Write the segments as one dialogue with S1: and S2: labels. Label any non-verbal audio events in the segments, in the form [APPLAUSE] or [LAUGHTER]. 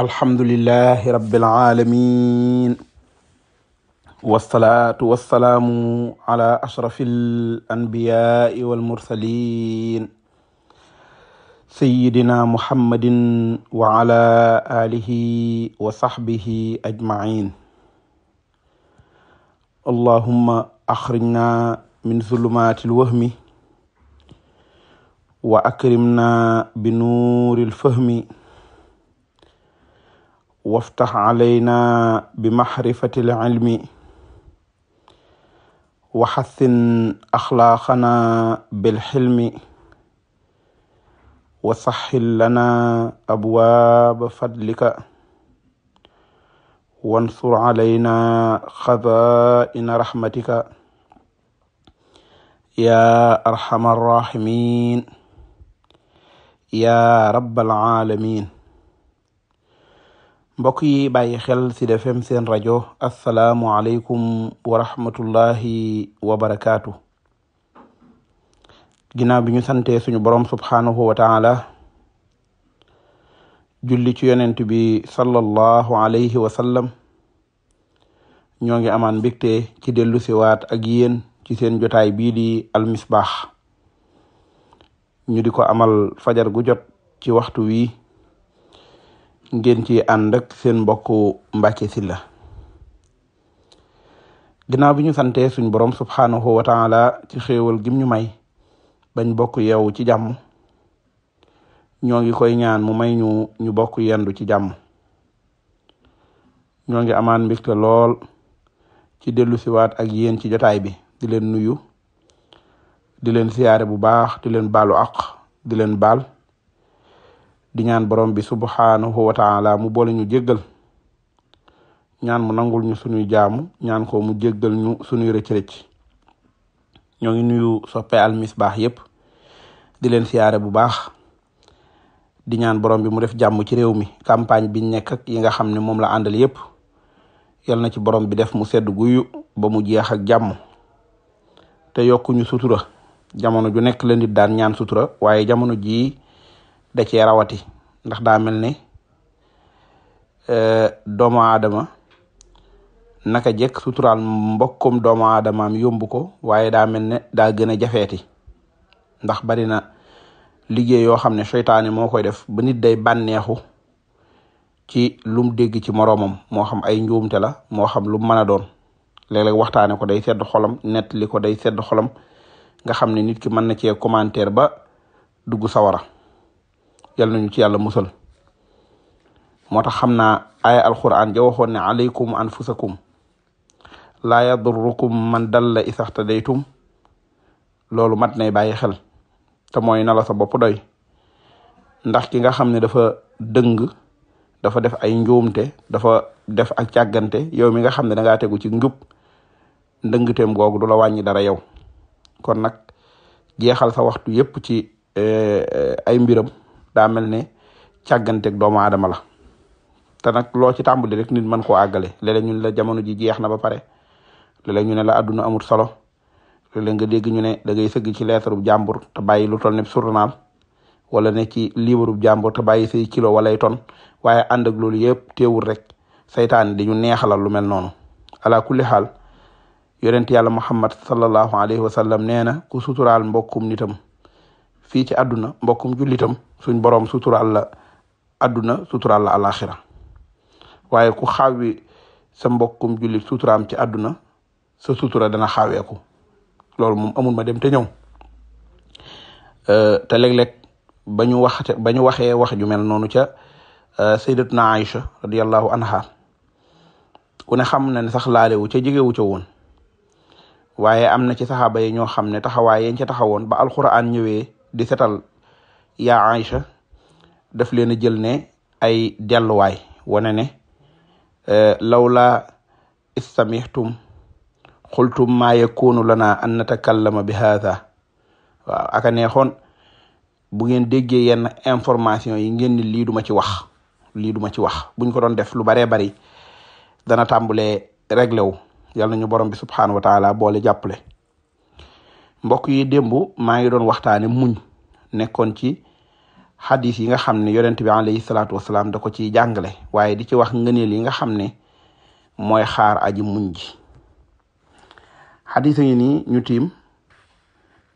S1: alhamdulilahi rabbil aalamiin wasalaatu wasalaamu ala ashrafil anbiyaai wal mursaliin sayyidina muhammadin wa ala aalihi wa saxbihi ajmaciin allahumma axrijnaa min zulumaatil wahmi wa akrimnaa bi nuuril fahmi waftax calaynaa bi maxrifati lcilmi wa xassin axlaaqanaa bilxilmi wa saxxil lanaa abwaaba fadlika wansur calaynaa xazaa'ina raxmatika yaa arxama arraximin yaa rabbal caalamiin mbokk yi bàyyi xel Sud FM seen rajo asalaamualeykum wa rahmatullahi wa barakaatu. ginnaaw bi ñu santee suñu borom subhaanahu wa taala julli ci yonent bi sallallahu alayhi wa ñoo ngi amaan mbégte ci dellu siwaat ak yéen ci seen jotaay bii di almisbaax ñu di ko amal fajar gu jot ci waxtu wi ngeen ci ànd ak seen mbokku Mbacke Sylla ginnaaw bi ñu sante suñ borom subhanahu wa taala ci xéewal gim ñu may bañ bokk yeewu ci jàmm ñoo ngi koy ñaan mu may ñu ñu bokk yendu ci jàmm ñoo ngi amaan mbégte lool ci dellu siwaat ak yéen ci jotaay bi di leen nuyu di leen siyaare bu baax di leen baalu àq di leen baal di ñaan borom bi subhaanahu wa taala mu boole ñu jëggal ñaan mu nangul ñu suñuy jaamu ñaan ko mu jéggal ñu suñuy rëcc-rëcc ñoo ngi nuyu soppe Al Misbah yépp di leen siyaare bu baax di ñaan borom bi mu def jàmm ci réew mi campagne bi nekk yi nga xam ne moom la àndal yépp yal na ci borom bi def mu sedd guyu ba mu jeex ak jàmm te yokku ñu sutura jamono ju nekk la nit daan ñaan sutura waaye jamono jii da ce rawati ndax daa mel ne doomu aadama naka jekk sutural mbokkum doomu aadamaam yomb ko waaye daa mel ne daa gën a jafeeti ndax bari na liggéey yoo xam ne seytaane moo koy def ba nit day bànneexu ci lum dégg ci moroomam moo xam ay njuumte la moo xam lu mën a doon léeg-léeg waxtaane ko day sedd xolam nett ko day sedd xolom nga xam ne nit ki mën na cee commentaire ba dugg sawara yal nañu ci yàlla musal moo tax xam naa aaya alquran ja waxoon ne alaykum anfusakum laa yadurrukum man dalla isaxtadaytum loolu mat nay bàyyi xel te mooy na la sa bopp doy ndax ki nga xam ne dafa dëng dafa def ay njuumte dafa def ak càggante yow mi nga xam ne da tegu ci njub ndëngteem googu du la wàññi dara yow kon nag jeexal sa waxtu yépp ci eh, eh, ay mbiram daa mel ne càgganteeg doomu aadama la te nag loo ci tàmbali rek nit mën koo àggale léeg-léeg ñun la jamono ji jeex na ba pare la léeg ñu ne la adduna amul solo léeg-léeg nga dégg ñu ne da ngay sëgg ci lettre bu jàmbur te bàyyi lu toll ne wala ne ci livre bu jàmbur te bàyyi say kilo walay ton waaye ànd ak loolu yëpp teewul rek saytaan dañu neexalal lu mel noonu ala kulli xaal yonent yàlla muhammad sallallahu alayhi wa sallam nee na ku suturaal mbokkum nitam fii ci àdduna mbokkum jullitam suñ borom sutural la àdduna suturaal la waaye ku xaawi sa mbokkum jullit suturaam ci àdduna sa sutura dana xaaweeku loolu mom amul ma dem te ñëw te léeg-léeg ba ñu waxte ba ñu waxee wax ju mel noonu ca sayyidatuna Aïcha radiyallahu anha ku ne xam na ne sax laalewu ca jegewu ca woon waaye am na ci saxaaba yi ñoo xam ne taxawaay yañ ca taxawoon ba alquran ñëwee di setal yaa Aïcha daf leen jël ne ay delluwaay wane ne eh, lawla istamihtum xultum maa yakunu lana an natakallama bi haada waaw aka neexoon bu ngeen déggee yenn information yi ngeen ni lii duma ci wax lii duma ci wax buñ ko doon def lu baree bari dana tàmbulee réglé wu yàlla ñu borom bi subhanahu wa taala boole jàppale mbokk yi démb maa ngi doon waxtaane muñ nekkoon ci xadis yi nga xam ne yonent bi alayhi salaatu wasalaam da ko ciy jàngale waaye di ci wax ngëneel yi nga xam ne mooy xaar aji muñ ji xadis yi nii ñu tiim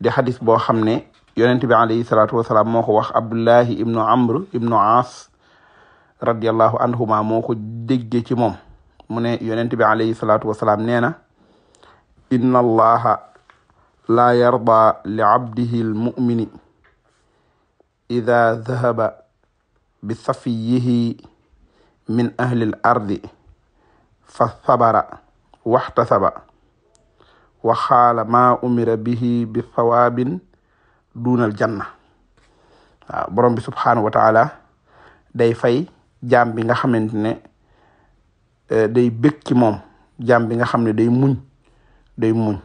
S1: di xadis boo xam ne yonent bi alayhi salaatu wasalaam moo ko wax abdullahi ibnu amr ibnu aas radiallahu anhuma moo ko dégge ci moom mu ne yonent bi alayhi salaatu wasalaam nee na laa yarda li cabdihi almumini ida dahaba bi safiyihi min ahli lardi fa sabara waxtasaba wa xaala maa umira bihi bi sawaabin duunal janna waaw borom bi subhaanahu wa taala day fay jaam bi nga xamante ne eh, day bëgg ci moom jaam bi nga xam ne day muñ day muñ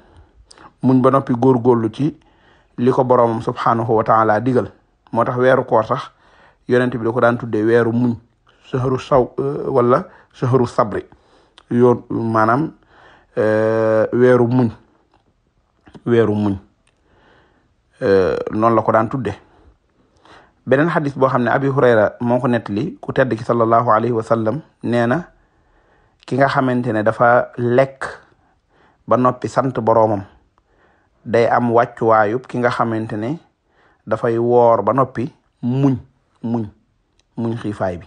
S1: muñ ba noppi góorgóorlu ci li ko boroomam subhaanahu wa taala digal moo tax weeru koor sax yonent bi da ko daan tuddee weeru muñ sëxëru saw euh, wala sëxëru sabri yoon maanaam euh, weeru muñ weeru muñ euh, noonu la ko daan tudde beneen xadis boo xam ne abi hurayra moo ko nettali ku tedd ki sallallahu alayhi wa sallam nee na ki nga xamante ne dafa lekk ba noppi sant boroomam day am wàccuwaayub ki nga xamante ne dafay woor ba noppi muñ muñ muñ xiifaay bi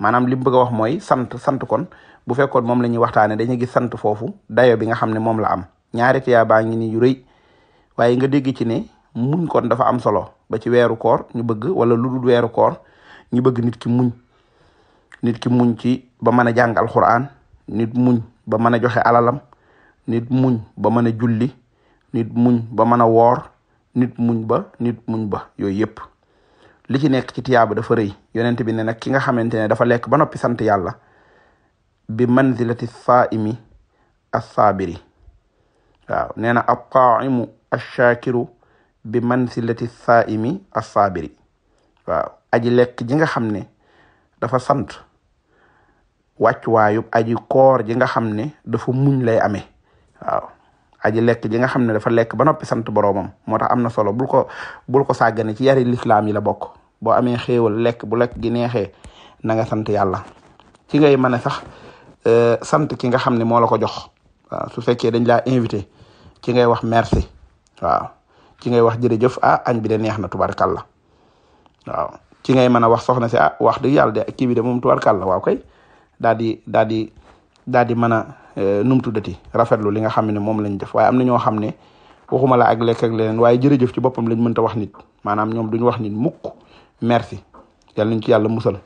S1: maanaam li mu bëgg wax mooy sant sant kon bu fekkoon moom la ñuy waxtaanee dañuy gis sant foofu dayo bi nga xam ne moom la am ñaari tiyaa baa ngi ni yu rëy waaye nga dégg ci ne muñ kon dafa am solo ba ci weeru koor ñu bëgg wala lu dul weeru koor ñu bëgg nit ki muñ nit ki muñ ci ba mën a jàng alxuraan nit muñ ba mën a joxe alalam nit muñ ba mën a julli nit muñ ba mën a woor nit muñ ba nit muñ ba yooyu yëpp li ci nekk ci tiyaaba dafa rëy yonent bi ne nag ki nga xamante ne dafa lekk ba noppi sant yàlla bi manzilati saaimi assaabiri waaw nee na ab taaimu ashaakiru bi manzilati saaimi assaabiri waaw aji lekk ji nga xam ne dafa sant wàccuwaayub aji koor ji nga xam ne dafa muñ lay ame waaw aji lekk ji nga xam ne dafa lekk ba noppi sant boroomam moo tax am na solo bul ko bul ko sàggane ci yari lislaam yi la bokk boo amee xéewal lekk bu lekk gi neexee na nga sant yàlla ci ngay mën a sax euh, sant ki nga xam ne moo la ko jox su fekkee dañ laa invité ci ngay wax merci waaw ci ngay wax jërëjëf ah añ bi de neex na tubarkalla waaw ci ngay mën a wax soxna si a ah, wax dëgg yàlla de kii moom tubarkalla waaw kay daal di daal di di mën a Euh, nu mu tuddati rafetlu li nga xam ne moom lañ def waaye am na ñoo xam ne waxuma la ak lekk ak leneen waaye jërëjëf ci boppam lañ mënta wax nit maanaam ñoom duñ wax nit mukk merci yàlla nañ ci yàlla musal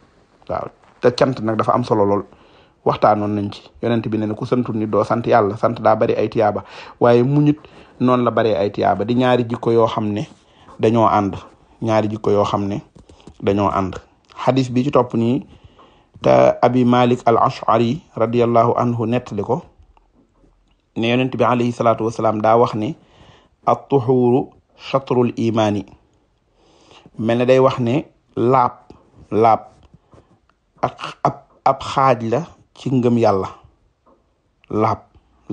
S1: waaw te cant nag dafa am solo lool waxtaanoon nañ ci yonent bi ne ne ku santul nit doo sant yàlla sant daa bari ay tiyaaba waaye muñit noonu la baree ay tiyaaba di ñaari jikko yoo xam ne dañoo ànd jikko yoo xam ne dañoo ànd xadis bi ci topp nii te abi malik al anhu nettali ko ne yonent bi alayhi salaatu wasalaam daa wax ne at tuxuuru chatrul imaani mel ne day wax ne laab laab ab xaaj la ci ngëm yàlla laab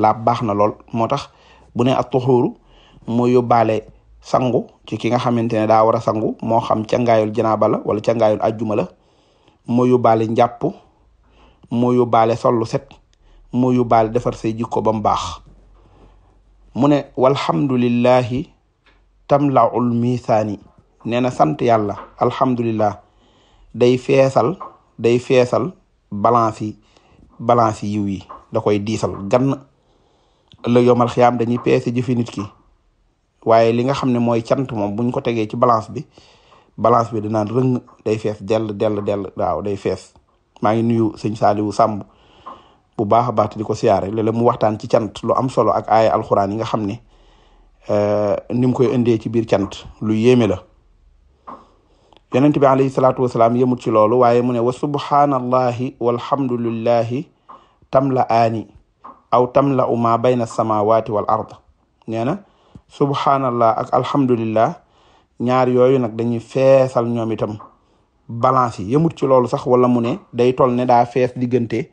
S1: laab baax na lool moo tax bu ne at tuxuuru moo yóbbaale sangu ci ki nga xamante ne daa war a sangu moo xam cangaayul janaaba la wala cangaayul ajjuma la moo baale njàpp moo yóbbaale sollu set moo yóbbaale defar say ko ba mu baax mu ne walhamdulillahi tamlaul misaani nee na sant yàlla alhamdulillah day feesal day feesal balance balance yiw yi da koy diisal gann ëllëg yomal xiyaam dañuy peese jëfi nit ki waaye li nga xam ne mooy cant moom buñ ko tegee ci balance bi balance bi dinaan rëng day fees dell dell dell daaw day fees maa ngi nuyu sëñ Saliou Samb bu baax a baax di ko siyaare léeg-léeg mu waxtaan ci cant lu am solo ak aaya alxuraan yi nga xam ne eh, ni mu koy indee ci biir cant lu yéeme la yonent bi alayhi salaatu wasalaam yemut ci loolu waaye mu ne wa subhaanallahi walhamdulillahi la aani aw tamla u ma bayna samawati wal ard nee na subhaanallah ak alhamdulillah ñaar yooyu nag dañuy feesal ñoom itam balance yi yëmut ci loolu sax wala mu ne day toll ne daa fees diggante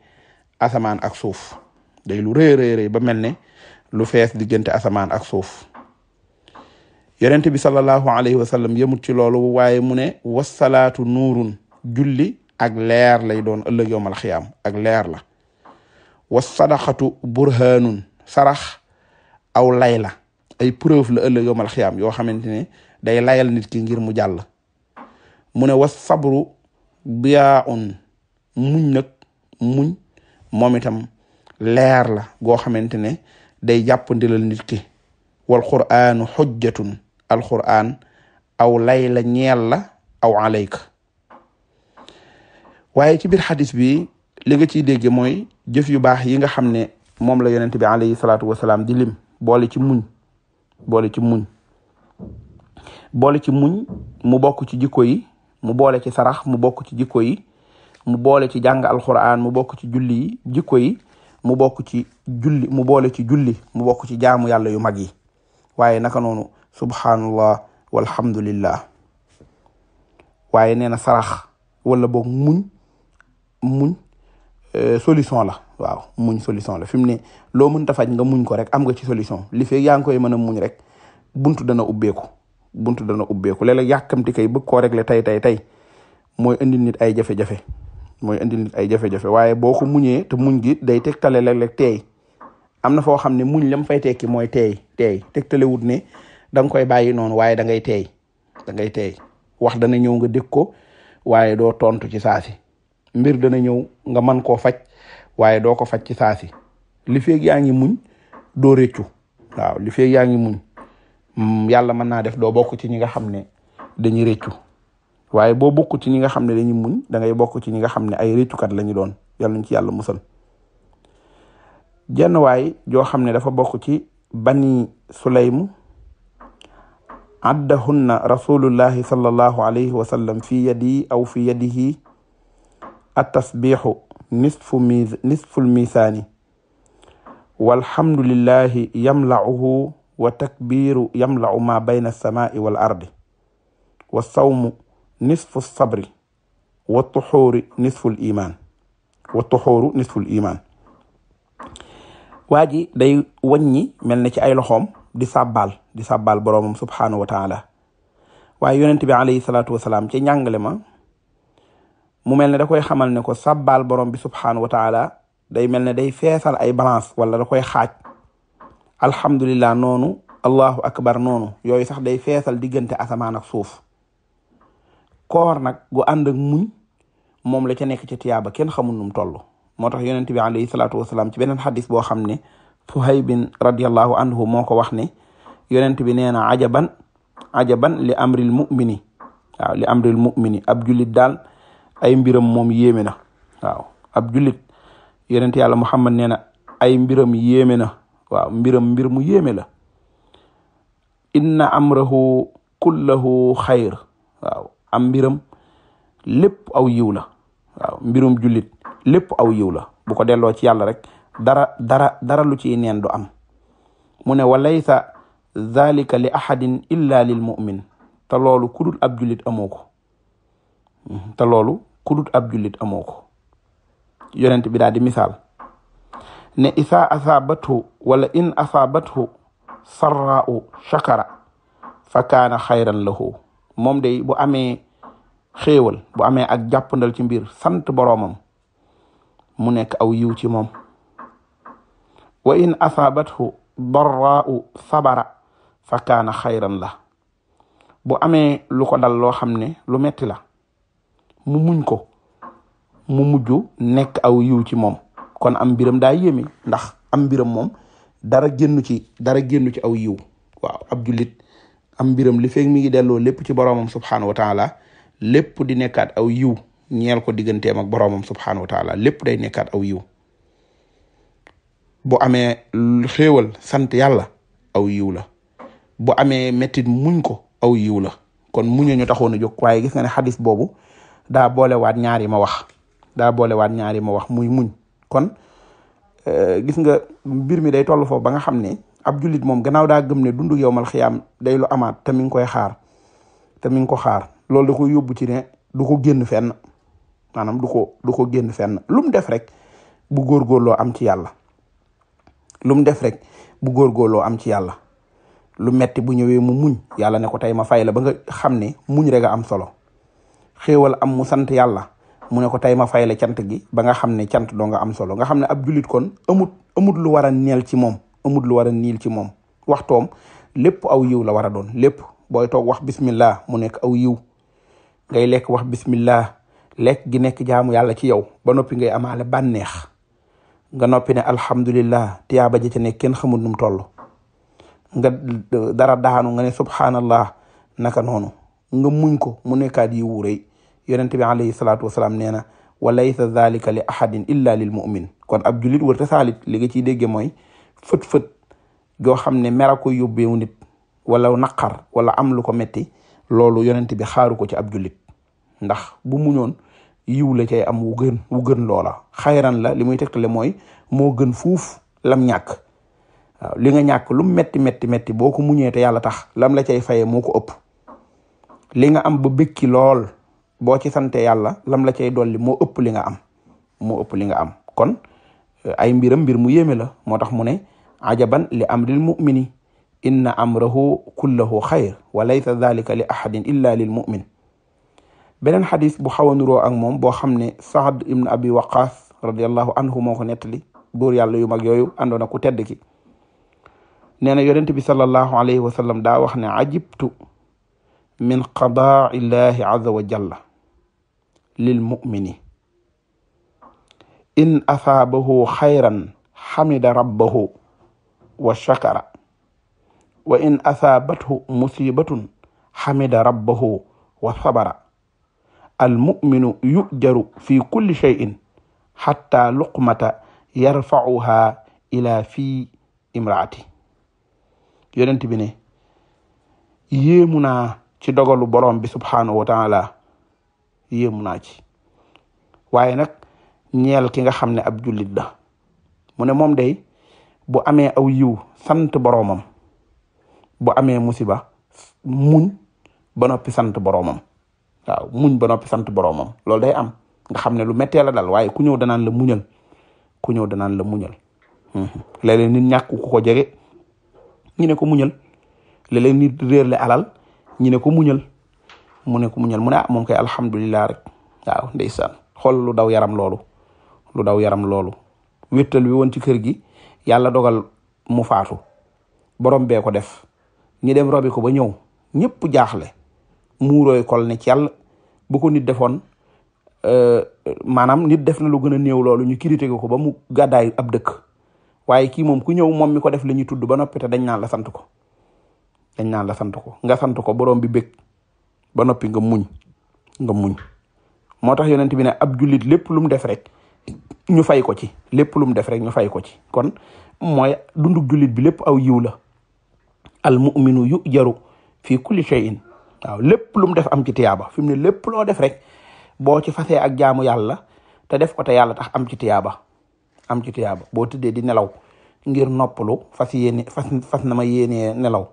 S1: asamaan ak suuf day lu ba mel ne lu fees diggante asamaan ak suuf yonent bi sallallahu alayhi wasalam sallam ci loolu waaye mu ne wasalaatu nuurun julli ak leer lay doon ëllëg yowmal xiyaam ak leer la wasadaxatu burhanun sarax aw lay la ay preuve la ëllëg yowmal xiyaam yoo xamante ne day layal nit ki ngir mu jàll mu ne was sabru biyaa un muñ nag muñ moom itam leer la goo xamante ne day jàppandilal nit ki wal qur'aanu xujjatun al qur'aan aw layla la ñeel la aw alayka waaye ci biir xadis bi li ci ciy dégg mooy jëf yu baax yi nga xam ne moom la yonent bi alayhi salaatu wasalaam di ci muñ boole ci muñ boole ci muñ mu bokk ci jikko yi mu boole ci sarax mu bokk ci jikko yi mu boole ci jàng alxuraan mu bokk ci julli jikko yi mu bokk ci julli mu boole ci julli mu bokk ci jaamu yàlla yu mag yi waaye naka noonu subhanallah walhamdulillah waaye nee na sarax walla boog muñ muñ euh, solution la waaw muñ solution la fi mu ne loo mënta faj nga muñ ko rek am nga ci solution li fee yaa ngi koy mën a muñ rek buntu dana ubbeeku buntu dana ubbeeku léeg-léeg yàkkamti kay bëgg koo régler tey tey tey mooy indil nit ay jafe-jafe mooy indil ay jafe-jafe waaye boo ko muñee te muñ gi day tegtale léeg-léeg teey am na foo xam ne muñ lam fay tekki mooy teey teey tegtale ne da koy bàyyi noonu waaye da ngay teey da wax dana ñëw nga dégg ko waaye doo tontu ci saasi mbir dana ñëw nga man koo faj waaye doo ko faj ci saasi li feeg yaa ngi muñ doo réccu waaw li feeg yaa ngi muñ Mm, yàlla mën naa def doo bokk ci ñi nga xam ne dañuy réccu waaye boo bokk ci ñi nga xam ne dañuy muñ da ngay bokk ci ñi nga xam ne ay réccukat lañu doon yàlla ci yàlla musal jenn waay joo xam ne dafa bokk ci bani sulaymu addahunna rasulullahi sallallahu alayhi wa sallam fi yadi aw fi yadihi attasbiixu nisfu mi nisful misaani walhamdulillahi yamlauhu wa takbiiru yamlau ma bayna alsamaai wal ardi wa sawmu nisfu sabri wa tuxuuri nisfu limaan wa tuxuuru nisfu limaan waa ji day waññi mel na ci ay loxoom di sàbbaal di sàbbaal boroomam subhaanahu wa taala waaye yonent bi alayhi salaatu wasalaam ci njàngale ma mu mel ne da koy xamal ne ko sàbbaal borom bi subhaanahu wa taala day mel ne day feesal ay balance wala da koy xaaj alhamdulillah noonu allahu akbar noonu yooyu sax day feesal diggante asamaan ak suuf koor nag gu ànd ak muñ moom la ca nekk ca tiyaaba kenn xamul num toll moo tax yonent bi alayhi salaatu wasalaam ci beneen xadis boo xam ne Suhaybin radiallahu anhu moo ko wax ne yonent bi nee na ajaban ajaban li amril mumini li amril mumini ab jullit daal ay mbiram moom yéeme na waaw ab jullit yonent yàlla Muhammad nee na ay mbiram yéeme na waaw mbiram mbir mu la inna amrahu kullahu xayr waaw am mbiram lépp aw yiw la mbirum jullit lépp aw yiw la bu ko delloo ci yàlla rek dara dara lu ciy neen du am mu ne walaysa dalika li ahadin illa lil mu'min te loolu kudut ab jullit amoo ko hmm, loolu kudut ab jullit amoo ko yonent bi daal di misaal ne isa asabathu wala in asabathu sarra'u shakara fa kaana xayran lahu moom de bu amee xéewal bu amee ak jàppandal ci mbir sant boroomam mu nekk aw yiw ci moom wa in asabathu darra'u sabara fa kaana xayran la bu amee lu ko dal loo xam ne lu metti la mu muñ mu mujj nekk aw yiw ci moom kon am mbiram daa yéeme ndax am mbiram moom dara génnu ci dara génnu ci aw yiw waaw ab jullit am mbiram li feeg mi ngi delloo lépp ci boromam subxanahu wa taala lépp di nekkaat aw yiw ñeel ko digganteem ak boromam subxanahu wa taala lépp day nekkaat aw yiw bu amee xéewal sant yàlla aw yiw la bu amee mettit muñ ko aw yiw la kon muñu ñu taxoon a jóg waaye gis nga ne xadis boobu daa boolewaat ñaar yi ma wax daa boolewaat ñaar yi ma wax muy muñ kon euh, gis nga mbir mi day toll foofu ba nga xam ne ab jullit moom gannaaw daa gëm ne dundu yowmal xiyaam day lu amaat te mi ngi koy xaar te mi ngi ko xaar loolu da koy yóbbu ci ne du ko génn fenn maanaam du ko du ko génn fenn lu mu def rek bu góorgóorloo am ci yàlla lu def rek bu góorgóorloo am ci yàlla lu metti bu ñëwee mu muñ yàlla ne ko tey ma fay la ba nga xam ne muñ rek a am solo xéewal am mu sant yàlla mu ne ko tey ma fay cant gi ba nga xam ne cant doo nga am solo nga xam ne ab jullit kon amut amut lu war a neel ci moom amut lu war a niil ci moom waxtoom lépp aw yiw la war a doon lépp booy toog wax bismillah mu nekk aw yiw ngay lekk wax bismillah lekk gi nekk jaamu yàlla ci yow ba noppi ngay amaale bànneex nga noppi ne alhamdulillah tiyaaba ja ca nekk kenn xamul num toll nga dara daanu nga ne subhanallah naka noonu nga muñ ko mu nekkaat yiw wu rëy yonente bi alayhi salaatu wasalaam nee na wa laysa dhalika li ahadin illa lil mu'min kon ab julit wër te saalit li nga ciy dégge mooy fët-fët goo xam ne mer a ko yóbbeewu nit wala naqar wala am lu ko metti loolu yonent bi xaaru ko ci ab julit ndax bu muñoon yiw la cay am wu gën gën loola xayran la li muy tegtale mooy moo gën fuuf lam ñàkk waaw li nga ñàkk lu metti metti metti boo ko muñee te yàlla tax lam la cay fayee moo ko ëpp li nga am ba bëkki lool boo ci sante yàlla lam la cay dolli moo ëpp li nga am moo ëpp li nga am kon eh, ay mbiram mbir mu yéeme la moo tax mu ne ajaban li amril mumini inna amrahu kullahu xayr wa laysa illa lil mumin beneen xadis bu xaw a nuroo ak moom boo xam ne saad ibn abi waqaas radiallahu anhu moo ko nettali buur yàlla yu mag yooyu àndoon ak ku tedd ki nee na yonent bi sallallahu alayhi wa sallam daa wax ne ajibtu min qadaa'illahi azza wa jalla lil mu'mini in asaabahu xayran xamida rabbahu wa shakara wa in asaabathu musibatun xamida rabbahu wa sabara almuminu yujaru fi kulli cheyin xatta luqmata yarfacuha ila fi imraati yonent ci dogalu borom bi subhaanahu yéemu naa ci waaye nag ñeel ki nga xam ne ab jullit la mu ne moom day bu amee aw yiw sant boroomam boo amee musiba muñ ba noppi sant boroomam waaw muñ ba noppi sant boroomam loolu day am nga xam ne lu mettee la dal waaye ku ñëw danaan la muñal ku ñëw danaan la muñal mhm. léeg-léeg nit ñàkk ku ko jege ñu ne ko muñal léeg-léeg nit réer le alal ñu ne ko muñal mu ne ko muñal mu ne ah moom koy alhamdulilah rek waaw ndeysaan xool lu daw yaram loolu lu daw yaram loolu wéttal wi woon ci kër gi yàlla dogal mu faatu borom bee ko def ñu dem robi ko ba ñëw ñëpp jaaxle muurooy kol ne ci yàlla bu ko nit defoon euh, maanaam nit def na lu gën a néew loolu ñu critiqué ko ba mu gàddaay ab dëkk waaye kii moom ku ñëw moom mi ko def la ñuy tudd ba noppi te dañ naan la sant ko dañ naan la sant ko nga sant ko borom bi bëgg ba noppi nga muñ nga muñ moo tax yonent bi ne ab jullit lépp lu mu def rek ñu fay ko ci lépp lu mu def rek ñu fay ko ci kon mooy dundug jullit bi lépp aw yiw la al mu'minu yu jaru fii kulli in waaw lépp lu mu def am ci tiyaaba fi mu ne lépp loo def rek boo ci fasee ak jaamu yàlla te def ko te yàlla tax am ci tiyaaba am ci tiyaaba boo tëddee di nelaw ngir noppalu fas yéene fas na ma yéenee nelaw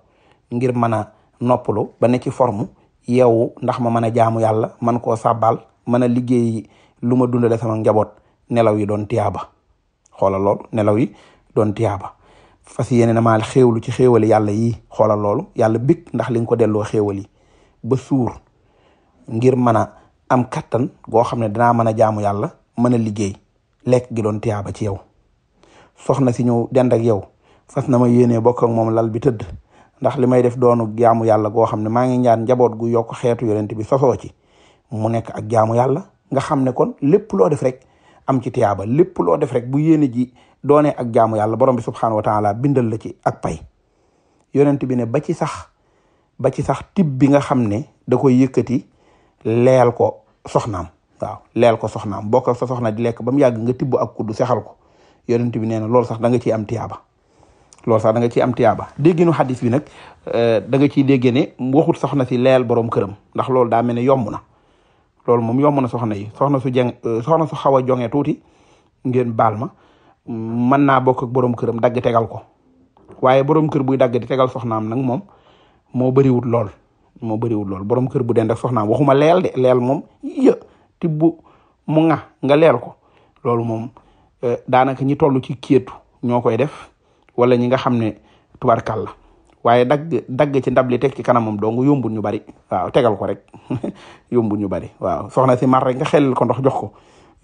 S1: ngir mën a noppalu ba ne ci forme yeewu ndax ma mën a jaamu yàlla man koo sàbbaal mën a liggéey lu ma dundale sama njaboot nelaw yi doon tiyaaba xoolal loolu nelaw yi doon tiyaaba fas yéene na maa xéewlu ci xéewal yàlla yi xoolal loolu yàlla bég ndax li ko delloo xéewal yi ba suur ngir mën a am kattan goo xam ne danaa mën a jaamu yàlla mën a liggéey lekk gi doon tiyaaba ci yow soxna si ñëw dend ak yow fas na ma yéene bokk ak moom lal bi tëdd ndax li may def doonu jaamu yàlla goo xam ne maa ngi ñaan njaboot gu yokk xeetu yonent bi sosoo ci mu nekk ak jaamu yàlla nga xam ne kon lépp loo def rek am ci tiyaaba lépp loo def rek bu yéene ji doone ak jaamu yàlla borom bi subxanahu wa taala bindal la ci ak pay yonent bi ne ba ci sax ba ci sax tib bi nga xam ne da koy yëkkati leel ko soxnaam waaw leel ko soxnaam bokk ak sa soxna di lekk ba mu yàgg nga tibb ak kuddu sexal ko yonent bi nee na loolu sax da nga ci am tiyaaba lool sax danga nga ciy am tiyaaba dégginu xadis bi nag euh, da nga ciy déggee ne waxut soxna si leel boroom këram ndax loolu daa mel ne yomb na loolu moom yomb na soxna yi soxna su jeng euh, soxna su xaw a jonge tuuti ngeen baal ma mën naa bokk ak borom këram dagg tegal ko waaye borom kër buy dagg di tegal am nag moom moo bëriwut lool moo bëriwut lool boroom kër bu den ak soxnaam waxuma leel de leel moom yë tibb mu nga nga leel ko loolu moom euh, daanaka ñi toll ci kéetu ñoo koy def wala ñi nga xam ne tubarkal la waaye dagg dagg ci ndab li teg ci kanamam dong yombul ñu bari waaw tegal ko rek [LAUGHS] yombul ñu bari waaw soxna si mar rek nga xelal ko ndox jox ko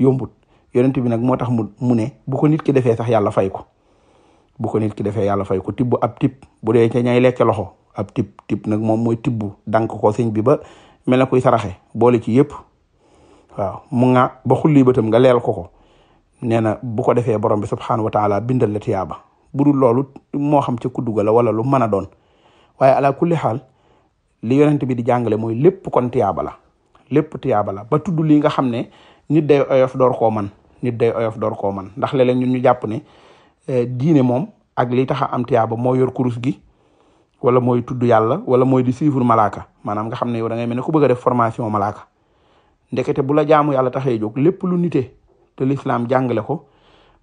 S1: yombut yonent bi nag moo tax mu mu ne bu ko nit ki defee sax yàlla fay ko bu ko nit ki defee yàlla fay ko tibb ab tib bu dee ca ñay lekk loxo ab tib tib nag moom mooy tibb dànk ko sëñ bi ba mel na kuy saraxe boole ci yëpp waaw mu nga ba xulli bëtam nga leel ko ko nee na bu ko defee borom bi subxanahu wa taala bindal la tiyaaba bu dul loolu moo xam ca kuddu ga la wala lu mën a doon waaye ala kulli xaal li yonent bi di jàngale mooy lépp kon tiyaaba la lépp tiyaaba ba tudd lii nga xam ne nit day oyof door koo man nit day oyof door koo man ndax léeg-léeg ñun ñu jàpp ne eh, diine moom ak li tax a am tiyaaba moo yor kurus gi wala mooy tudd yàlla wala mooy di suivre malaaka maanaam nga xam ne yow da ngay mel ne ku bëgg a def formation malaaka ndekete bu la jaamu yàlla taxe jóg lépp lu nite te lislaam jàngale ko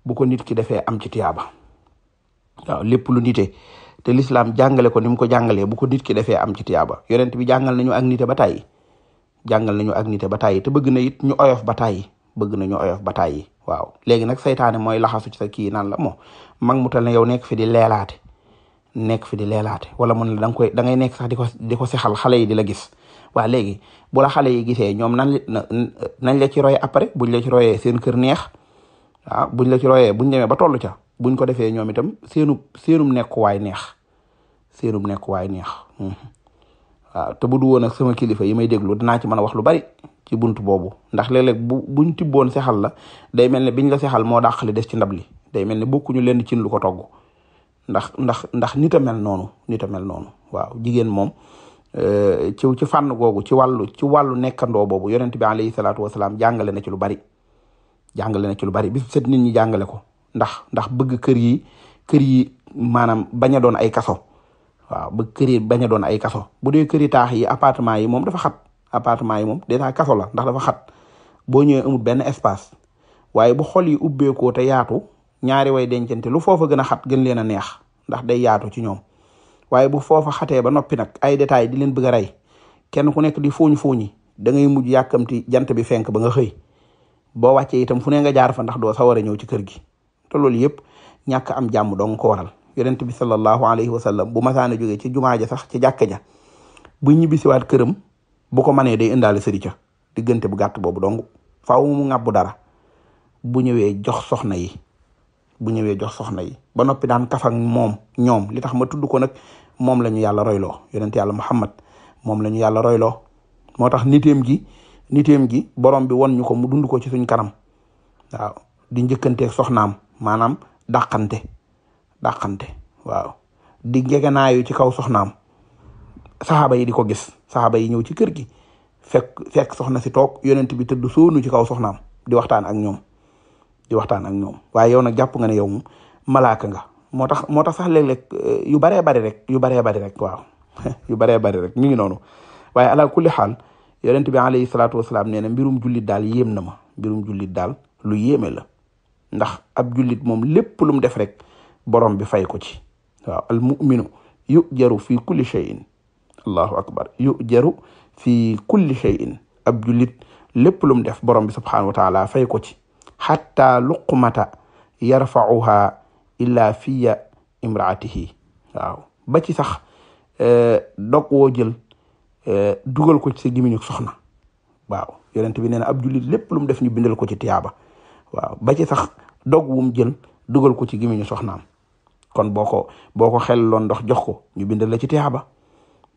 S1: bu ko nit ki defee am ci tiyaaba waaw lépp lu nite te lislaam jàngale ko ni mu ko jàngalee bu ko nit ki defee am ci tiyaaba yonent bi jàngal nañu ak nite ba tàyyi jàngal nañu ak ba tàyyi te bëgg na it ñu oyof ba tàyyi bëgg na ñu oyof ba tàyyi waaw léegi nag saytaane mooy laxasu ci sa kii naan la moo mag mu tal yow nekk fi di leelaate nekk fi di leelaate wala mun da nga koy da ngay nekk sax di ko di ko sexal xale yi di la gis waa léegi bu la xale yi gisee ñoom nan nañ la ci roye après buñ la ci royee seen kër neex waaw buñ la ci royee buñ demee ba toll ca buñ ko defee ñoom itam seenu seenum nekkuwaay neex seenum nekkuwaay neex hmm. waaw bu du woon ak sama kilifa yi may déglu dinaa ci mën a wax lu bari ci bunt boobu ndax léeg-léeg bu buñ tibboon sexal la day mel ne biñ la seexal moo dàq le des ci ndab li day mel ne bokkuñu lenn cin lu ko togg ndax ndax ndax nit a mel noonu nit a mel noonu waaw jigéen moom euh, ci ci fànn googu ci wàllu ci wàllu nekkandoo boobu yonent bi alayhi salaatu wasalaam jàngale na ci lu bari jàngale na ci lu bari bis set nit ñi jàngale ko ndax ndax bëgg kër yi kër yi maanaam bañ a doon ay kaso waaw bëgg kër yi bañ a doon ay kaso bu dee kër yi taax yi appartement yi moom dafa xat appartement yi moom dèjà kaso la ndax dafa xat boo ñëwee amul benn espace waaye bu xol yi ubbeekoo te yaatu ñaari way dencante lu foofa gën a xat gën leen a neex ndax day yaatu ci ñoom waaye bu foofa xatee ba noppi nag ay détails di leen bëgg a rey kenn ku nekk di fooñ fooñi da ngay mujj yàkkamti jant bi fenk ba nga xëy boo wàccee itam fu ne nga jaar fa ndax doo sawar a ñëw ci kër gi te loolu yëpp ñàkk am jàmm dong ko waral yonent bi sallallahu alayhi wa sallam bu masaana jógee ci jumaa ja sax ci jàkka ja bu ñibbisiwaat këram bu ko manee day indaale sërica diggante bu gàtt boobu dong faaw mu ŋàbbu dara bu ñëwee jox soxna yi bu ñëwee jox soxna yi ba noppi daan kafak moom ñoom li tax ma tudd ko nag moom la ñu yàlla royloo yonent yàlla Muhammad moom la ñu yàlla royloo moo tax niteem gi niteem gi borom bi won ñu ko mu dund ko ci suñ kanam waaw di njëkkanteeg soxnaam maanaam dàqante dàqante waaw di ngegenaayu ci kaw soxnaam saxaaba yi di ko gis saxaaba yi ñëw ci kër gi fekk fekk soxna si toog yonent bi tëdd sóonu ci kaw soxnaam di waxtaan ak ñoom di waxtaan ak ñoom waaye yow nag jàpp nga ne yow moom malaaka nga moo tax moo tax sax léeg-léeg eh, yu baree bari rek yu baree bari rek waaw [LAUGHS] yu baree bari rek mi ngi noonu waaye ala kulli bi alayhi salaatu wasalaam nee na mbirum jullit daal yéem na ma mbirum jullit daal lu yéeme la ndax ab jullit moom lépp lu mu def rek borom bi fay ko ci waaw yujaru fi kulli cheyin allahu akbar yujaru fi kulli cheyin ab jullit lépp lu mu def borom bi subhanahu wa taala fay ko ci xatta luqmata yarfauha illa fiya imraatihi waaw ba ci sax e, dog woo jël e, dugal ko ci sa gimiñu soxna waaw yonent bi nee na ab jullit lépp lu mu def ñu bindal ko ci tiyaaba waaw ba ci sax dog wum jël dugal ko ci gémmiñu soxnaam kon boo ko boo ko xel loon ndox jox ko ñu bindal la ci tiyaaba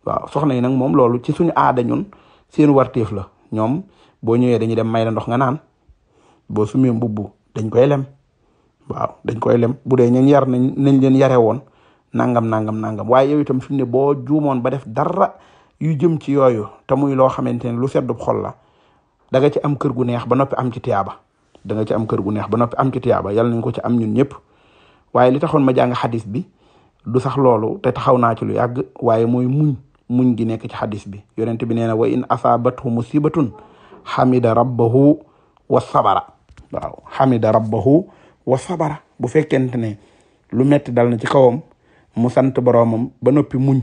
S1: waaw soxna yi nag moom loolu ci suñu aada ñun seen warteef la ñoom boo ñëwee dañuy dem may la ndox nga naan boo sumee mbubb dañ koy lem waaw dañ koy lem bu dee ñun yar nañ nañ leen yare woon nangam nangam nangam waaye yow itam fi mu ne boo juumoon ba def dara yu jëm ci yooyu te muy loo xamante ne lu seddu xol la da nga ci am kër gu neex ba noppi am ci tiyaaba da nga ci am kër gu neex ba noppi am ci tiyaaba yàlla nañ ko ci am ñun ñëpp waaye li taxoon ma jàng xadis bi du sax loolu te taxaw naa ci lu yàgg waaye mooy muñ muñ gi nekk ci xadis bi yonent bi nee na wa in asaabathu musibatun xamida rabbahu wa sabara waaw xamida rabbahu wa sabara bu fekkente ne lu metti dal na ci kawam mu sant boroomam ba noppi muñ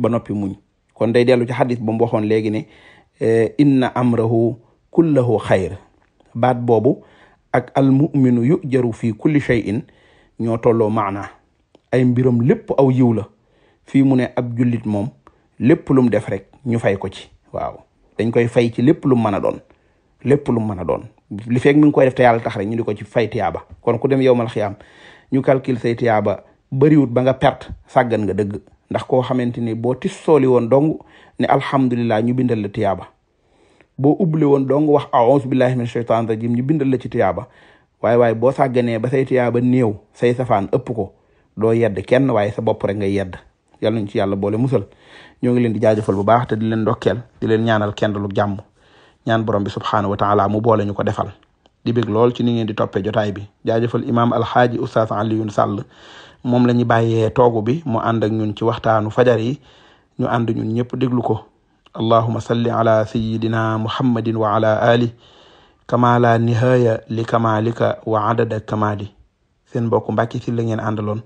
S1: ba noppi muñ kon day dellu ci xadis ba mu waxoon léegi ne inna amrahu kullahu xayr baat boobu ak almuminu jaru fi kulli shay'in ñoo tolloo maana ay mbiram lépp aw yiw la fii mu ne ab jullit moom lépp lum def rek ñu fay ko ci waaw dañ koy fay ci lépp lu mën a doon lépp lu mën a doon li feeg mi ngi koy def te yàlla tax rek ñu ni ko ci fay tiyaaba kon ku dem yowmal xiyaam ñu calcule say tiyaaba bëriwut ba nga perte sàggan nga dëgg ndax koo xamante ni boo tis sooli woon dong ne alhamdulilah ñu bindal la tiyaaba boo ubbli woon dong wax a aouzu billahi min shaytan rajim ñu bindal la ci tuyaaba waaye waaye boo sàgganee ba say tuyaaba néew say safaan ëpp ko doo yedd kenn waaye sa bopp rek ngay yedd yàlla ñu ci yàlla boole musal ñoo ngi leen di jaajëfal bu baax te di leen ndokkeel di leen ñaanal kenn lu jàmm ñaan borom bi subhaanahu wa taala mu boole ñu ko defal di bég lool ci ni ngeen di toppee jotaay bi jaajëfal imaam alxaaji oustaz Alioune Sall moom la ñu bàyyee toogu bi mu ànd ak ñun ci waxtaanu fajar yi ñu ànd ñun ñëpp déglu ko allahuma salli ala sayidina muhammadin wa ala ali kama la nihaaya wa adada kamali seen mbokk Mbàkke Sylla ngeen àndaloon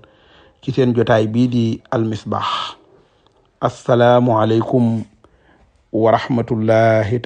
S1: ci seen jotaay bii di almisbaax asalaamualeykum wa rahmatullahi